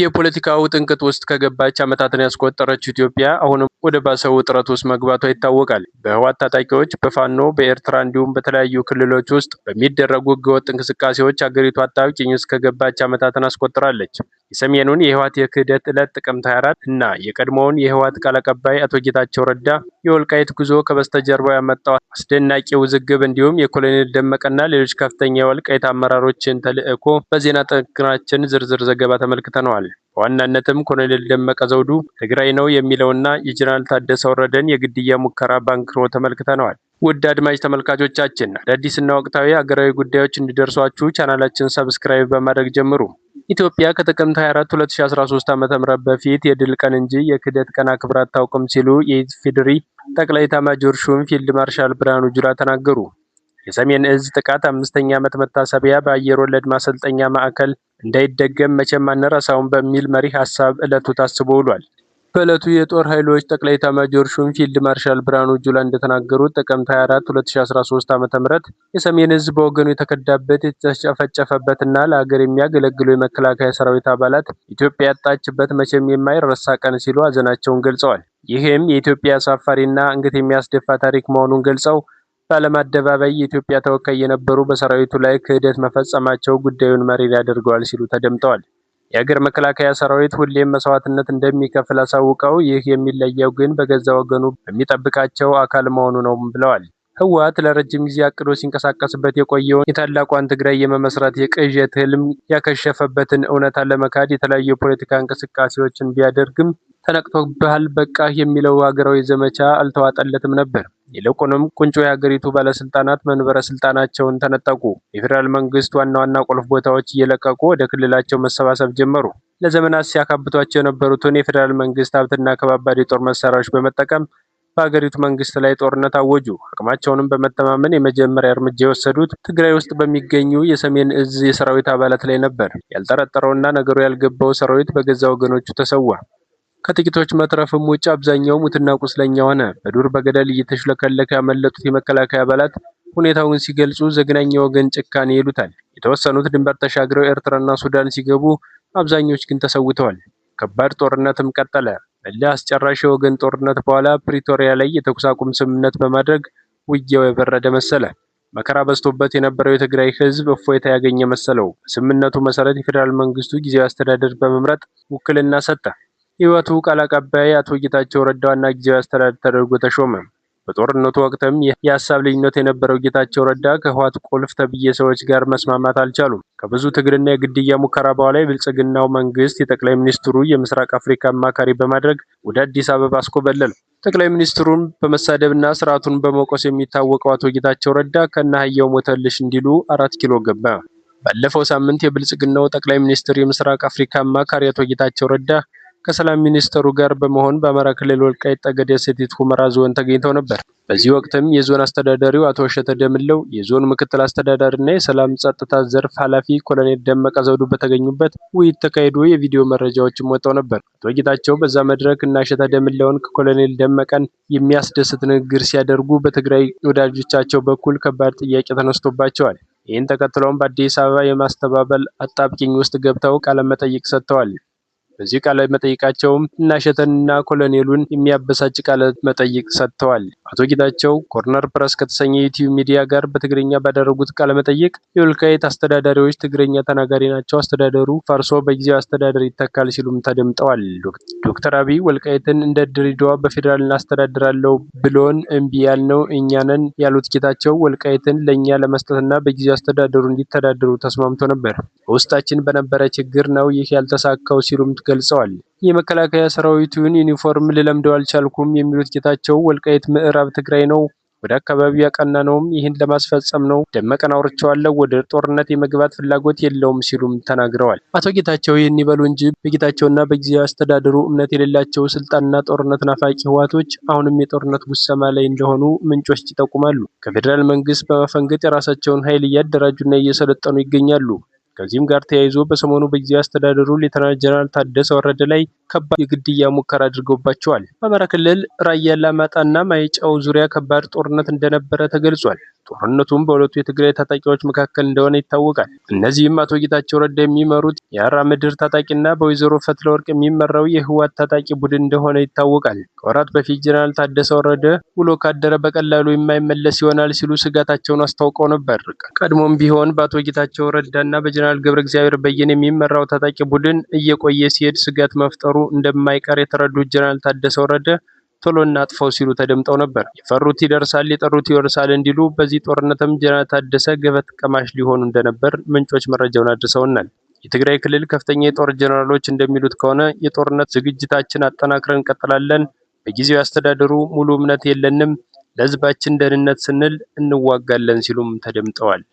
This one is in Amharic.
የፖለቲካው ጥንቅጥ ውስጥ ከገባች ዓመታትን ያስቆጠረች ኢትዮጵያ አሁንም ወደ ባሰው ውጥረት ውስጥ መግባቷ ይታወቃል። በህወሓት ታጣቂዎች፣ በፋኖ፣ በኤርትራ እንዲሁም በተለያዩ ክልሎች ውስጥ በሚደረጉ ህገወጥ እንቅስቃሴዎች አገሪቱ አጣብቂኝ ውስጥ ከገባች ዓመታትን አስቆጥራለች። የሰሜኑን የህወሓት የክህደት ዕለት ጥቅምት 24 እና የቀድሞውን የህወሓት ቃል አቀባይ አቶ ጌታቸው ረዳ የወልቃይት ጉዞ ከበስተጀርባው ያመጣው አስደናቂ ውዝግብ እንዲሁም የኮሎኔል ደመቀና ሌሎች ከፍተኛ የወልቃይት አመራሮችን ተልዕኮ በዜና ጥንቅራችን ዝርዝር ዘገባ ተመልክተነዋል። በዋናነትም ኮሎኔል ደመቀ ዘውዱ ትግራይ ነው የሚለውና የጀነራል ታደሰ ወረደን የግድያ ሙከራ ባንክሮ ተመልክተነዋል። ውድ አድማጭ ተመልካቾቻችን አዳዲስና ወቅታዊ ሀገራዊ ጉዳዮች እንዲደርሷችሁ ቻናላችን ሰብስክራይብ በማድረግ ጀምሩ። ኢትዮጵያ ከጥቅምት 24 2013 ዓ.ም በፊት የድል ቀን እንጂ የክደት ቀን አክብራ አታውቅም ሲሉ የኢፌዴሪ ጠቅላይ ኤታማዦር ሹም ፊልድ ማርሻል ብርሃኑ ጁላ ተናገሩ። የሰሜን እዝ ጥቃት አምስተኛ ዓመት መታሰቢያ በአየር ወለድ ማሰልጠኛ ማዕከል እንዳይደገም መቼም አንረሳውም በሚል መሪ ሀሳብ ዕለቱ ታስቦ ውሏል። በዕለቱ የጦር ኃይሎች ጠቅላይ ኤታማዦር ሹም ፊልድ ማርሻል ብርሃኑ ጁላ እንደተናገሩት ጥቅምት 24 2013 ዓ.ም የሰሜን ህዝብ በወገኑ የተከዳበት የተጨፈጨፈበትና ለሀገር የሚያገለግሉ የመከላከያ ሰራዊት አባላት ኢትዮጵያ ያጣችበት መቼም የማይረሳ ቀን ሲሉ ሀዘናቸውን ገልጸዋል። ይህም የኢትዮጵያ አሳፋሪና አንገት የሚያስደፋ ታሪክ መሆኑን ገልጸው በዓለም አደባባይ የኢትዮጵያ ተወካይ የነበሩ በሰራዊቱ ላይ ክህደት መፈጸማቸው ጉዳዩን መሪር ያደርገዋል ሲሉ ተደምጠዋል። የሀገር መከላከያ ሰራዊት ሁሌም መስዋዕትነት እንደሚከፍል አሳውቀው ይህ የሚለየው ግን በገዛ ወገኑ በሚጠብቃቸው አካል መሆኑ ነው ብለዋል። ህወሓት ለረጅም ጊዜ አቅዶ ሲንቀሳቀስበት የቆየውን የታላቋን ትግራይ የመመስረት የቅዠት ህልም ያከሸፈበትን እውነታ ለመካድ የተለያዩ የፖለቲካ እንቅስቃሴዎችን ቢያደርግም ተነቅቶብሃል በቃ የሚለው ሀገራዊ ዘመቻ አልተዋጠለትም ነበር። ይልቁንም ቁንጮ የሀገሪቱ ባለስልጣናት መንበረ ስልጣናቸውን ተነጠቁ። የፌዴራል መንግስት ዋና ዋና ቁልፍ ቦታዎች እየለቀቁ ወደ ክልላቸው መሰባሰብ ጀመሩ። ለዘመናት ሲያካብቷቸው የነበሩትን የፌዴራል መንግስት ሀብትና ከባባድ የጦር መሳሪያዎች በመጠቀም በሀገሪቱ መንግስት ላይ ጦርነት አወጁ። አቅማቸውንም በመተማመን የመጀመሪያ እርምጃ የወሰዱት ትግራይ ውስጥ በሚገኙ የሰሜን እዝ የሰራዊት አባላት ላይ ነበር። ያልጠረጠረውና ነገሩ ያልገባው ሰራዊት በገዛ ወገኖቹ ተሰዋ። ከጥቂቶች መትረፍም ውጭ አብዛኛው ሙትና ቁስለኛ ሆነ። በዱር በገደል እየተሽለከለከ ያመለጡት የመከላከያ አባላት ሁኔታውን ሲገልጹ ዘግናኝ የወገን ጭካኔ ይሉታል። የተወሰኑት ድንበር ተሻግረው ኤርትራና ሱዳን ሲገቡ፣ አብዛኞች ግን ተሰውተዋል። ከባድ ጦርነትም ቀጠለ። እልህ አስጨራሽ የወገን ጦርነት በኋላ ፕሪቶሪያ ላይ የተኩስ አቁም ስምምነት በማድረግ ውጊያው የበረደ መሰለ። መከራ በዝቶበት የነበረው የትግራይ ሕዝብ እፎይታ ያገኘ መሰለው። በስምምነቱ መሰረት የፌዴራል መንግስቱ ጊዜያዊ አስተዳደር በመምረጥ ውክልና ሰጠ። ህይወቱ ቃል አቀባይ አቶ ጌታቸው ረዳ ዋና ጊዜያዊ አስተዳዳሪ ተደርጎ ተሾመ። በጦርነቱ ወቅትም የሀሳብ ልዩነት የነበረው ጌታቸው ረዳ ከህወሓት ቁልፍ ተብዬ ሰዎች ጋር መስማማት አልቻሉም። ከብዙ ትግልና የግድያ ሙከራ በኋላ የብልጽግናው መንግስት የጠቅላይ ሚኒስትሩ የምስራቅ አፍሪካ አማካሪ በማድረግ ወደ አዲስ አበባ አስኮበለል። ጠቅላይ ሚኒስትሩን በመሳደብና ስርዓቱን በመውቀስ የሚታወቀው አቶ ጌታቸው ረዳ ከነአህያው ሞተልሽ እንዲሉ አራት ኪሎ ገባ። ባለፈው ሳምንት የብልጽግናው ጠቅላይ ሚኒስትር የምስራቅ አፍሪካ አማካሪ አቶ ጌታቸው ረዳ ከሰላም ሚኒስተሩ ጋር በመሆን በአማራ ክልል ወልቃይት ጠገዴ ሰቲት ሁመራ ዞን ተገኝተው ነበር። በዚህ ወቅትም የዞን አስተዳዳሪው አቶ እሸተ ደምለው፣ የዞን ምክትል አስተዳዳሪና የሰላም ጸጥታ ዘርፍ ኃላፊ ኮሎኔል ደመቀ ዘውዱ በተገኙበት ውይይት ተካሂዶ የቪዲዮ መረጃዎችም ወጥተው ነበር። አቶ ጌታቸው በዛ መድረክ እና እሸተ ደምለውን ከኮሎኔል ደመቀን የሚያስደስት ንግግር ሲያደርጉ በትግራይ ወዳጆቻቸው በኩል ከባድ ጥያቄ ተነስቶባቸዋል። ይህን ተከትለውም በአዲስ አበባ የማስተባበል አጣብቂኝ ውስጥ ገብተው ቃለመጠይቅ ሰጥተዋል። በዚህ ቃለ መጠይቃቸውም እናሸተንና ኮሎኔሉን የሚያበሳጭ ቃለ መጠይቅ ሰጥተዋል። አቶ ጌታቸው ኮርነር ፕረስ ከተሰኘ ዩቲዩብ ሚዲያ ጋር በትግርኛ ባደረጉት ቃለ መጠይቅ የወልቃይት አስተዳዳሪዎች ትግርኛ ተናጋሪ ናቸው፣ አስተዳደሩ ፈርሶ በጊዜያዊ አስተዳደር ይተካል ሲሉም ተደምጠዋል። ዶክተር አብይ ወልቃይትን እንደ ድሬዳዋ በፌዴራል እናስተዳድራለው ብሎን እምቢ ያልነው እኛንን ያሉት ጌታቸው ወልቃይትን ለእኛ ለመስጠትና በጊዜው አስተዳደሩ እንዲተዳደሩ ተስማምቶ ነበር። በውስጣችን በነበረ ችግር ነው ይህ ያልተሳካው ሲሉም ገልጸዋል። የመከላከያ ሰራዊቱን ዩኒፎርም ልለምደው አልቻልኩም የሚሉት ጌታቸው ወልቃይት ምዕራብ ትግራይ ነው፣ ወደ አካባቢው ያቀና ነውም ይህን ለማስፈጸም ነው። ደመቀን አውርቼዋለሁ፣ ወደ ጦርነት የመግባት ፍላጎት የለውም ሲሉም ተናግረዋል። አቶ ጌታቸው ይህን ይበሉ እንጂ በጌታቸውና በጊዜያዊ አስተዳደሩ እምነት የሌላቸው ስልጣንና ጦርነት ናፋቂ ህዋቶች አሁንም የጦርነት ጉሰማ ላይ እንደሆኑ ምንጮች ይጠቁማሉ። ከፌዴራል መንግስት በመፈንገጥ የራሳቸውን ኃይል እያደራጁና እየሰለጠኑ ይገኛሉ። ከዚህም ጋር ተያይዞ በሰሞኑ በጊዜ አስተዳደሩ ሌተናል ጀነራል ታደሰ ወረደ ላይ ከባድ የግድያ ሙከራ አድርገውባቸዋል። በአማራ ክልል ራያ አላማጣና ማይጨው ዙሪያ ከባድ ጦርነት እንደነበረ ተገልጿል። ጦርነቱም በሁለቱ የትግራይ ታጣቂዎች መካከል እንደሆነ ይታወቃል። እነዚህም አቶ ጌታቸው ረዳ የሚመሩት የአራ ምድር ታጣቂና በወይዘሮ ፈትለወርቅ የሚመራው የህወሓት ታጣቂ ቡድን እንደሆነ ይታወቃል። ከወራት በፊት ጀነራል ታደሰ ወረደ ውሎ ካደረ በቀላሉ የማይመለስ ይሆናል ሲሉ ስጋታቸውን አስታውቀው ነበር። ቀድሞም ቢሆን በአቶ ጌታቸው ረዳና በጀነራል ገብረ እግዚአብሔር በየነ የሚመራው ታጣቂ ቡድን እየቆየ ሲሄድ ስጋት መፍጠሩ እንደማይቀር የተረዱት ጀነራል ታደሰ ወረደ ቶሎ እናጥፈው ሲሉ ተደምጠው ነበር። የፈሩት ይደርሳል፣ የጠሩት ይወርሳል እንዲሉ በዚህ ጦርነትም ጀነራል ታደሰ ገበት ቀማሽ ሊሆኑ እንደነበር ምንጮች መረጃውን አድርሰውናል። የትግራይ ክልል ከፍተኛ የጦር ጀነራሎች እንደሚሉት ከሆነ የጦርነት ዝግጅታችን አጠናክረን እንቀጥላለን፣ በጊዜው አስተዳደሩ ሙሉ እምነት የለንም፣ ለህዝባችን ደህንነት ስንል እንዋጋለን ሲሉም ተደምጠዋል።